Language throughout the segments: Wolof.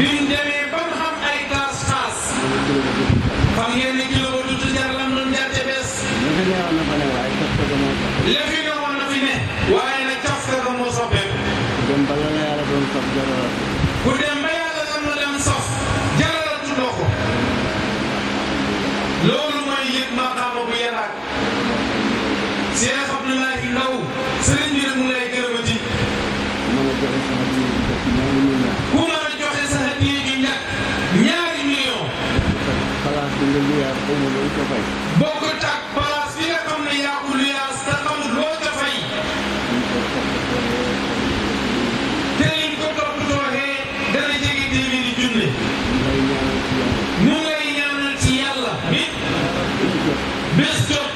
biñ demee ba mu a ay gaz xaas. fan ngeen ni kilomètre jar lan doon te bees. danga luyaas xaw ma loo ca fay. bokkut ak place bi nga xam ne yaa ko luyaas te xamul loo ca fay. te liñ ko toppatoo xee dana jege téeméeri junne. ñu ngay ñaanal ci yàlla. nit bés jot.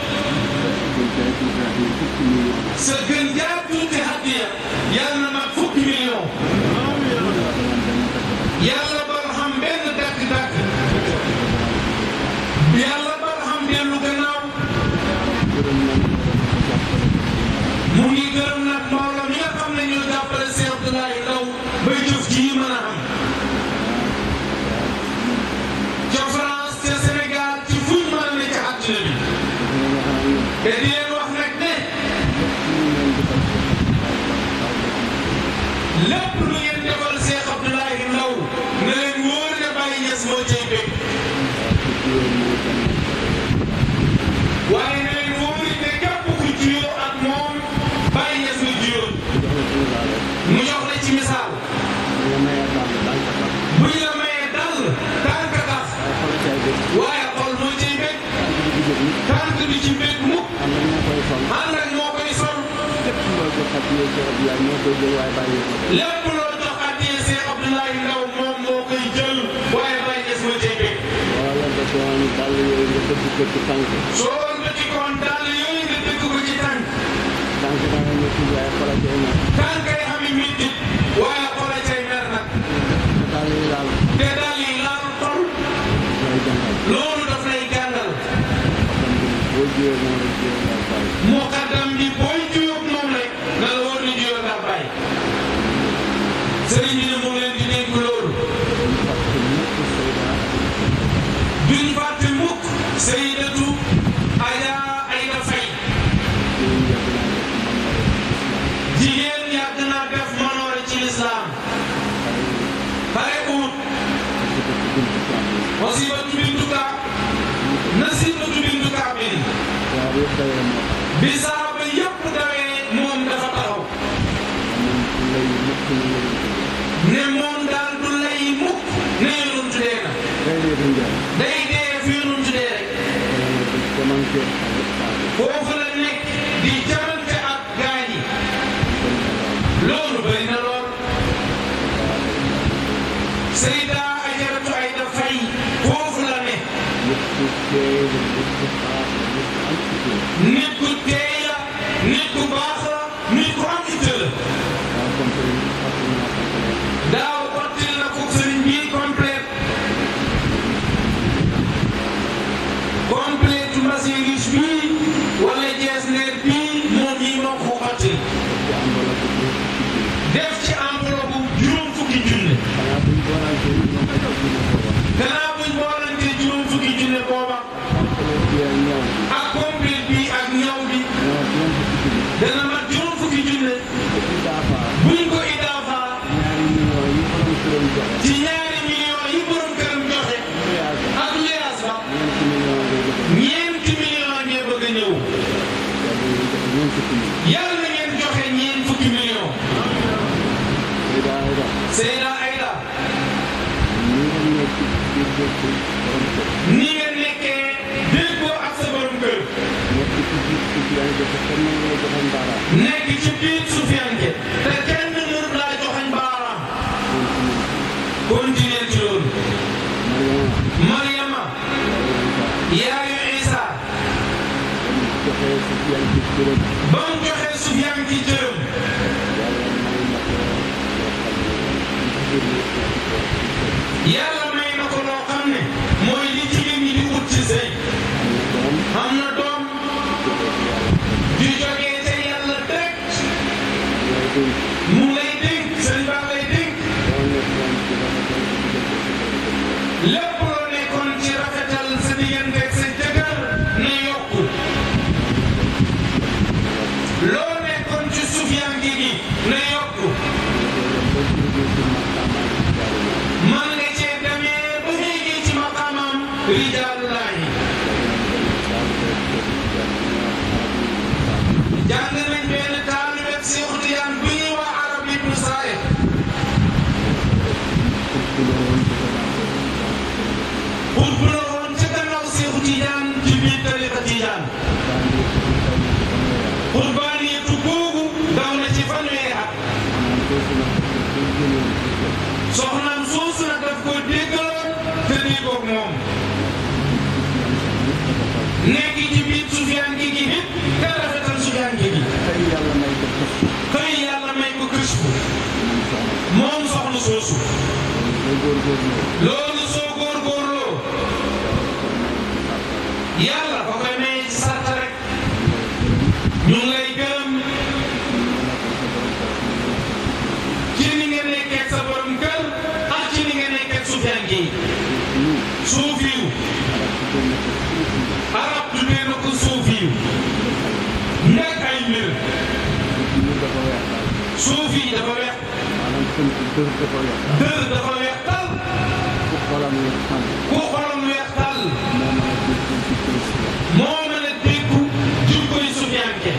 lépp Abdoulaye moo koy jël waaye bàyyi lépp loo jox addiyee Cheikh Abdoulaye Ndaw moom moo koy jël waaye bàyyi des ma cee teg. wala da ko am dàll yooyu nga dëkk ko ci tànk. soo dëkk kon dàll yooyu nga dëkk ko ci tànk. tànk daa nga métti waaye xoolal cay mer. tànk yi xam métti waaye xoolal cay mer nag. te dàll yi laal. te dàll yi laal tol. loolu daf lay gàndal. moo xaddam bi bi saaba yëpp dawee moom dafa taxaw ne moom daal du lay mukk ne yonum tuddee na day dee fi yonum tuddee rek foofu la nekk di jamante ak gaañ yi loolu bëri na lool Seyda Ajaratu ay dafay foofu la ne nekk nekk ci biir suufiyanke te kenn mënul laa joxoñ baaraam. continuer ci loolu. Mariama. yaayu Isa. ba mu joxee suufiyanke cërëm. yaa rijaalullaahi jàng nañ benn taalibe Seexu Tijaan bu ñuy wax Arab ibnu Saayid bu la ci biir tariqa dafa weex. maanaam sëñ bi dër dafa weex. dër dafa weex tal. ku xolam weex tal. ku xolam weex tal. moo mën a dégg jikkoy sufiyanke.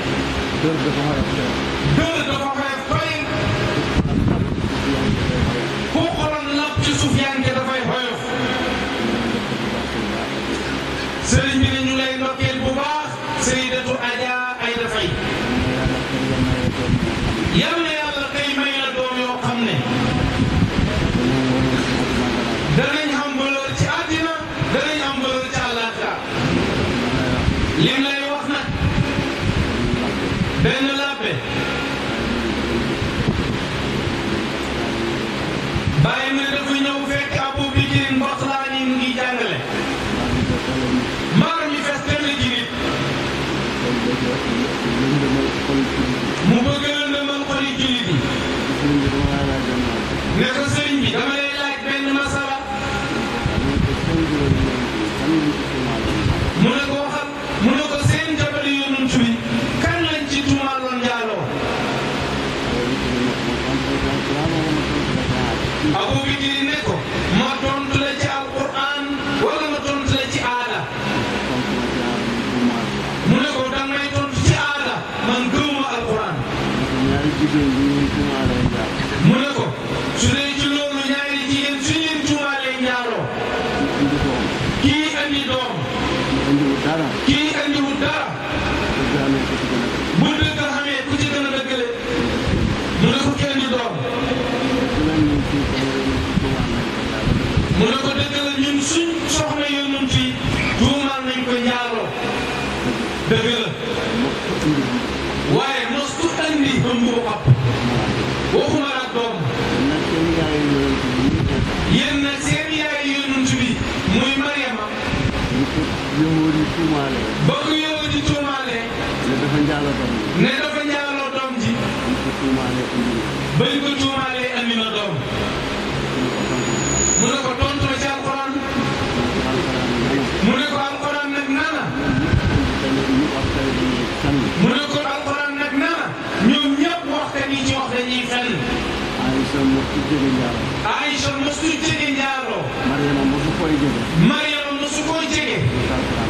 dër dafa woyof li ñaari jigéen bu ñuy tuumaalee njaar. mu ne ko su dee ci loolu ñaari jigéen su ñuy tuumaalee njaaroo. kii andi doom. kii andiwul dara. kii andiwul dara. bu dëgg xamee ku ci gën a dëggale. mu ne ko kenn di doom. mu ne ko dëgg la ñun suñ. dem na seen yaay yonent bi muy Mariama. ba ko yowoo di tuumaale. ne dafa njaaloo doom ji. ne dafa njaaloo doom ji. bañ ko tuumaalee andi na doom. mu ne ko tontoo ci alxuraan. mu ne ko alxuraan nag nee na. mu ne ko alxuraan nag nee na ñoom ñëpp waxtaan yi ci wax dañuy fenn. Aïcha mos tuuti jege njaaloo. Aïcha mos tuuti jege koy jege. Mariama mosu koy jege.